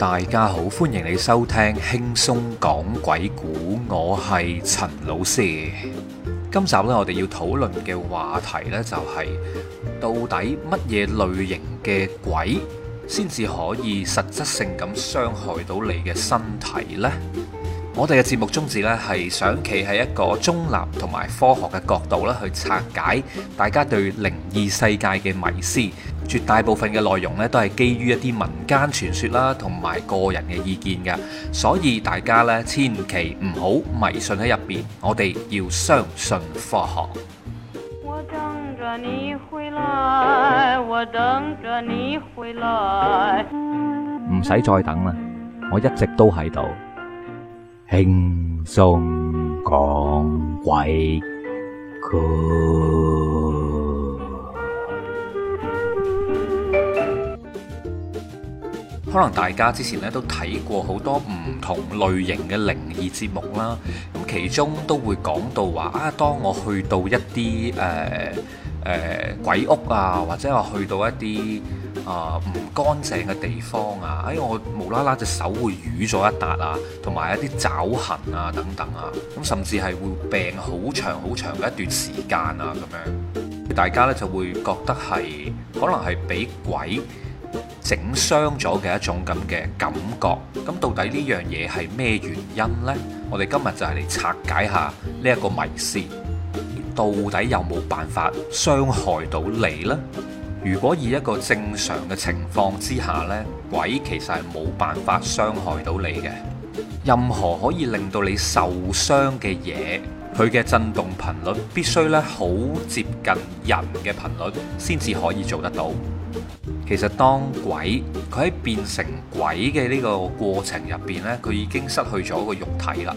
大家好，歡迎你收聽輕鬆講鬼古，我係陳老師。今集呢，我哋要討論嘅話題呢，就係到底乜嘢類型嘅鬼先至可以實質性咁傷害到你嘅身體呢？我哋嘅節目宗旨係想企喺一個中立同埋科學嘅角度去拆解大家對絕大部分嘅內容咧都係基於一啲民間傳說啦，同埋個人嘅意見嘅，所以大家咧千祈唔好迷信喺入邊，我哋要相信科學。我等著你回來，我等著你回來。唔使再等啦，我一直都喺度，輕鬆講鬼古。可能大家之前咧都睇過好多唔同類型嘅靈異節目啦，咁其中都會講到話啊，當我去到一啲誒誒鬼屋啊，或者我去到一啲啊唔乾淨嘅地方啊，哎我無啦啦隻手會瘀咗一笪啊，同埋一啲爪痕啊等等啊，咁甚至係會病好長好長嘅一段時間啊咁樣，大家呢就會覺得係可能係俾鬼整傷咗嘅一種咁嘅感覺，咁到底呢樣嘢係咩原因呢？我哋今日就係嚟拆解下呢一個迷思：到底有冇辦法傷害到你呢？如果以一個正常嘅情況之下呢，鬼其實係冇辦法傷害到你嘅。任何可以令到你受傷嘅嘢，佢嘅震動頻率必須咧好接近人嘅頻率，先至可以做得到。其實當鬼佢喺變成鬼嘅呢個過程入邊呢，佢已經失去咗個肉體啦。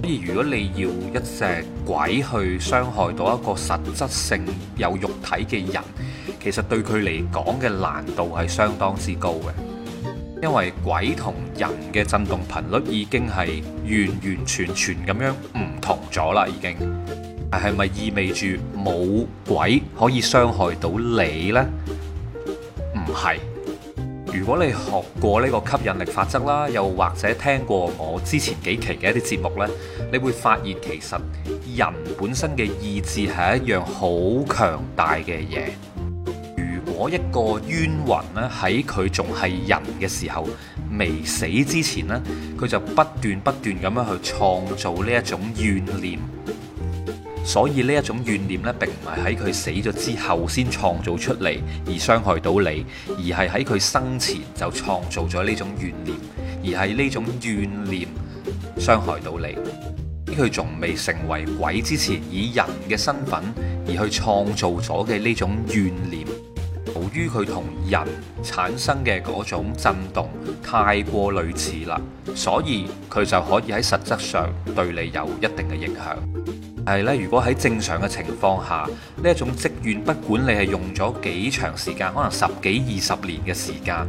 所以如果你要一隻鬼去傷害到一個實質性有肉體嘅人，其實對佢嚟講嘅難度係相當之高嘅，因為鬼同人嘅震動頻率已經係完完全全咁樣唔同咗啦，已經。係咪意味住冇鬼可以傷害到你呢？係，如果你學過呢個吸引力法則啦，又或者聽過我之前幾期嘅一啲節目呢，你會發現其實人本身嘅意志係一樣好強大嘅嘢。如果一個冤魂咧喺佢仲係人嘅時候，未死之前呢，佢就不斷不斷咁樣去創造呢一種怨念。所以呢一種怨念咧並唔係喺佢死咗之後先創造出嚟而傷害到你，而係喺佢生前就創造咗呢種怨念，而係呢種怨念傷害到你。佢仲未成為鬼之前，以人嘅身份而去創造咗嘅呢種怨念，由於佢同人產生嘅嗰種震動太過類似啦，所以佢就可以喺實質上對你有一定嘅影響。係咧，如果喺正常嘅情況下，呢一種職怨，不管你係用咗幾長時間，可能十幾二十年嘅時間，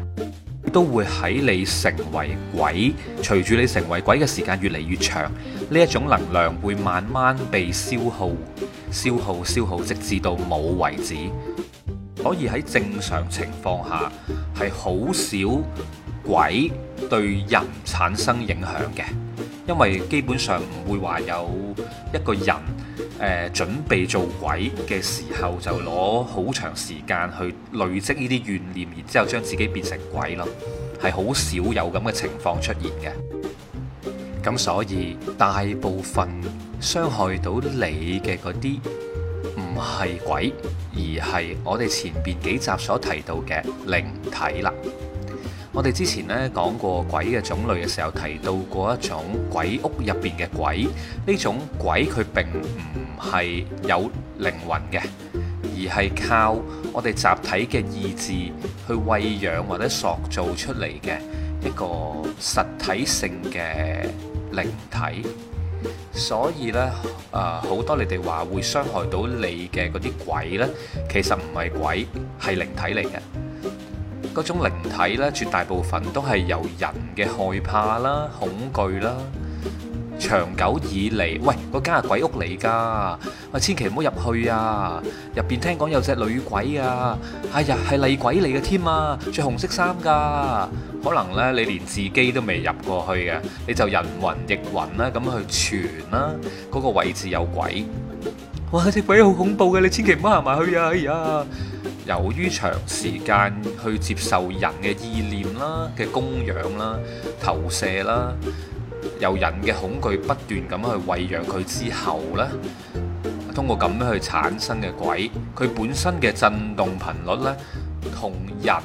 都會喺你成為鬼。隨住你成為鬼嘅時間越嚟越長，呢一種能量會慢慢被消耗、消耗、消耗，直至到冇為止。所以喺正常情況下，係好少鬼對人產生影響嘅，因為基本上唔會話有。一個人誒、呃、準備做鬼嘅時候，就攞好長時間去累積呢啲怨念，然之後將自己變成鬼咯，係好少有咁嘅情況出現嘅。咁所以大部分傷害到你嘅嗰啲唔係鬼，而係我哋前邊幾集所提到嘅靈體啦。我哋之前咧講過鬼嘅種類嘅時候，提到過一種鬼屋入邊嘅鬼，呢種鬼佢並唔係有靈魂嘅，而係靠我哋集體嘅意志去餵養或者塑造出嚟嘅一個實體性嘅靈體。所以呢，誒、呃、好多你哋話會傷害到你嘅嗰啲鬼呢，其實唔係鬼，係靈體嚟嘅。嗰種靈體咧，絕大部分都係由人嘅害怕啦、恐懼啦，長久以嚟，喂，嗰間係鬼屋嚟㗎，喂、啊，千祈唔好入去啊！入邊聽講有隻女鬼啊，哎呀，係厲鬼嚟嘅添啊，着紅色衫㗎，可能咧你連自己都未入過去嘅、啊，你就人雲亦雲啦，咁去傳啦、啊，嗰、嗰個位置有鬼，哇！隻鬼好恐怖嘅，你千祈唔好行埋去啊，哎呀！由於長時間去接受人嘅意念啦、嘅供養啦、投射啦，由人嘅恐懼不斷咁去餵養佢之後咧，通過咁樣去產生嘅鬼，佢本身嘅震動頻率呢，同人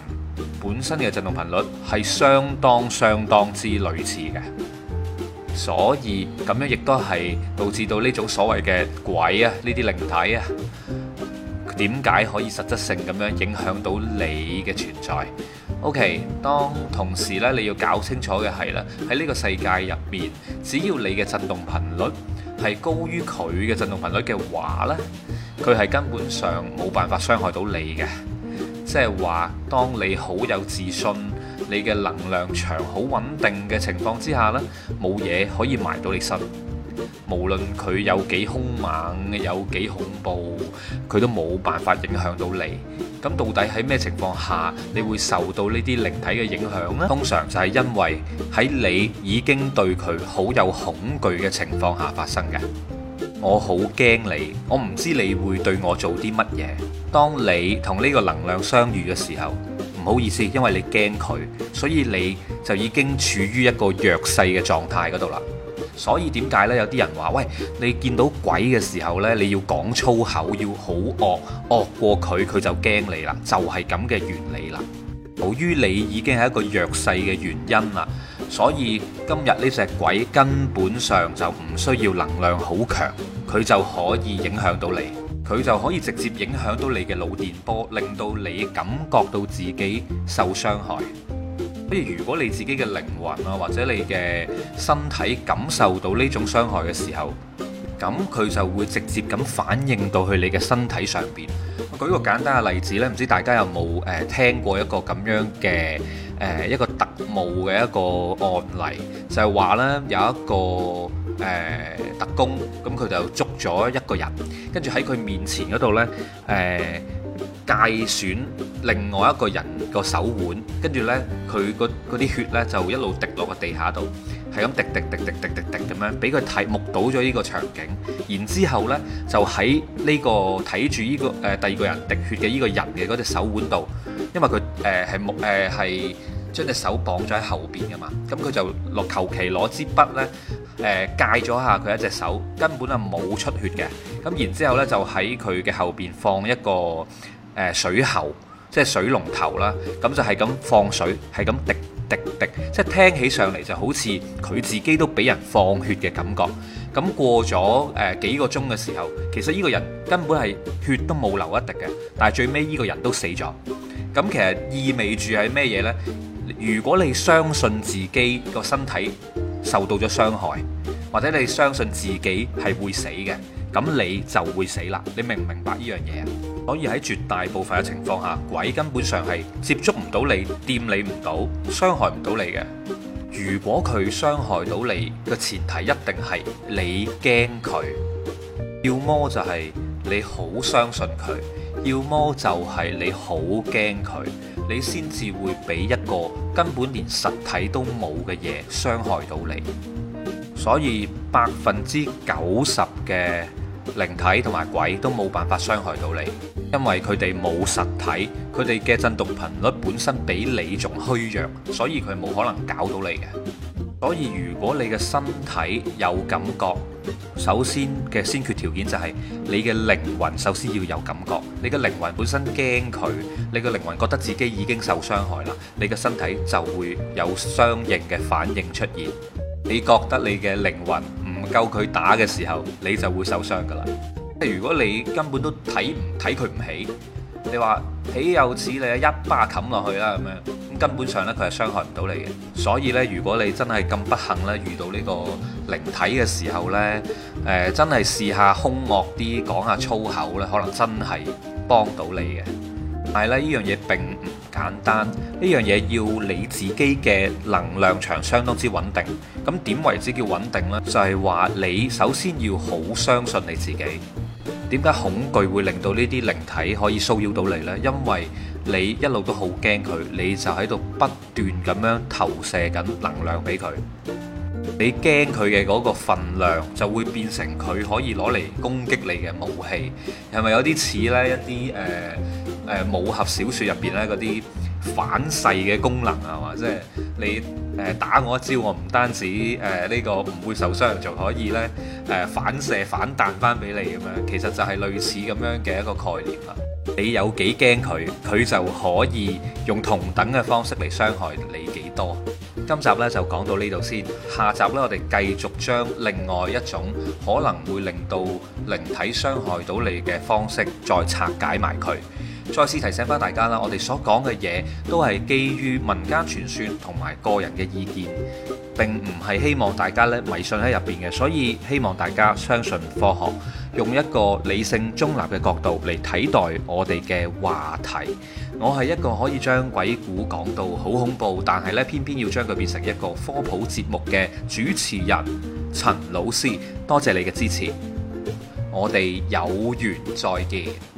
本身嘅震動頻率係相當相當之類似嘅，所以咁樣亦都係導致到呢種所謂嘅鬼啊，呢啲靈體啊。點解可以實質性咁樣影響到你嘅存在？OK，當同時咧，你要搞清楚嘅係啦，喺呢個世界入面，只要你嘅震動頻率係高於佢嘅震動頻率嘅話呢，佢係根本上冇辦法傷害到你嘅。即係話，當你好有自信，你嘅能量場好穩定嘅情況之下呢，冇嘢可以埋到你身。無論佢有幾兇猛，有幾恐怖，佢都冇辦法影響到你。咁到底喺咩情況下，你會受到呢啲靈體嘅影響咧？通常就係因為喺你已經對佢好有恐懼嘅情況下發生嘅。我好驚你，我唔知你會對我做啲乜嘢。當你同呢個能量相遇嘅時候，唔好意思，因為你驚佢，所以你就已經處於一個弱勢嘅狀態嗰度啦。所以點解咧？有啲人話：「喂，你見到鬼嘅時候呢，你要講粗口，要好惡，惡過佢，佢就驚你啦，就係咁嘅原理啦。由於你已經係一個弱勢嘅原因啦，所以今日呢隻鬼根本上就唔需要能量好強，佢就可以影響到你，佢就可以直接影響到你嘅腦電波，令到你感覺到自己受傷害。不如如果你自己嘅靈魂啊，或者你嘅身體感受到呢種傷害嘅時候，咁佢就會直接咁反應到去你嘅身體上邊。我舉個簡單嘅例子咧，唔知大家有冇誒、呃、聽過一個咁樣嘅誒、呃、一個特務嘅一個案例，就係話咧，有一個誒、呃、特工，咁佢就捉咗一個人，跟住喺佢面前嗰度咧誒。呃界損另外一個人個手腕，跟住呢，佢嗰啲血呢就一路滴落個地下度，係咁滴滴滴滴滴滴咁樣，俾佢睇，目睹咗呢個場景。然之後呢，就喺呢、這個睇住呢個誒第二個人滴血嘅呢個人嘅嗰隻手腕度，因為佢誒係木誒係將隻手綁咗喺後邊噶嘛，咁佢就落求其攞支筆呢，誒界咗下佢一隻手，根本啊冇出血嘅。咁然之後呢，就喺佢嘅後邊放一個。誒水喉，即係水龍頭啦，咁就係咁放水，係咁滴滴滴滴，即係聽起上嚟就好似佢自己都俾人放血嘅感覺。咁過咗誒、呃、幾個鐘嘅時候，其實呢個人根本係血都冇流一滴嘅，但係最尾呢個人都死咗。咁其實意味住係咩嘢呢？如果你相信自己個身體受到咗傷害，或者你相信自己係會死嘅。咁你就會死啦！你明唔明白呢樣嘢啊？所以喺絕大部分嘅情況下，鬼根本上係接觸唔到你，掂你唔到，傷害唔到你嘅。如果佢傷害到你，個前提一定係你驚佢，要麼就係你好相信佢，要麼就係你好驚佢，你先至會俾一個根本連實體都冇嘅嘢傷害到你。所以百分之九十嘅靈體同埋鬼都冇辦法傷害到你，因為佢哋冇實體，佢哋嘅振動頻率本身比你仲虛弱，所以佢冇可能搞到你嘅。所以如果你嘅身體有感覺，首先嘅先決條件就係你嘅靈魂首先要有感覺，你嘅靈魂本身驚佢，你嘅靈魂覺得自己已經受傷害啦，你嘅身體就會有相應嘅反應出現。你覺得你嘅靈魂唔夠佢打嘅時候，你就會受傷噶啦。即如果你根本都睇唔睇佢唔起，你話豈有此理，啊，一巴冚落去啦咁樣，咁根本上呢，佢係傷害唔到你嘅。所以呢，如果你真係咁不幸呢，遇到呢個靈體嘅時候呢，誒、呃、真係試下兇惡啲，講下粗口呢，可能真係幫到你嘅。但係咧，呢樣嘢並唔～簡單，呢樣嘢要你自己嘅能量場相當之穩定，咁點為之叫穩定呢？就係話你首先要好相信你自己。點解恐懼會令到呢啲靈體可以騷擾到你呢？因為你一路都好驚佢，你就喺度不斷咁樣投射緊能量俾佢。你驚佢嘅嗰個份量就會變成佢可以攞嚟攻擊你嘅武器，係咪有啲似呢？一啲誒？呃誒武俠小說入邊咧，嗰啲反噬嘅功能係嘛，即係你誒打我一招，我唔單止誒呢個唔會受傷，仲可以咧誒反射反彈翻俾你咁樣。其實就係類似咁樣嘅一個概念啦。你有幾驚佢，佢就可以用同等嘅方式嚟傷害你幾多。今集咧就講到呢度先，下集咧我哋繼續將另外一種可能會令到靈體傷害到你嘅方式再拆解埋佢。再次提醒翻大家啦，我哋所講嘅嘢都係基於民間傳說同埋個人嘅意見，並唔係希望大家咧迷信喺入邊嘅，所以希望大家相信科學，用一個理性中立嘅角度嚟睇待我哋嘅話題。我係一個可以將鬼故講到好恐怖，但係咧偏偏要將佢變成一個科普節目嘅主持人陳老師，多謝你嘅支持，我哋有緣再見。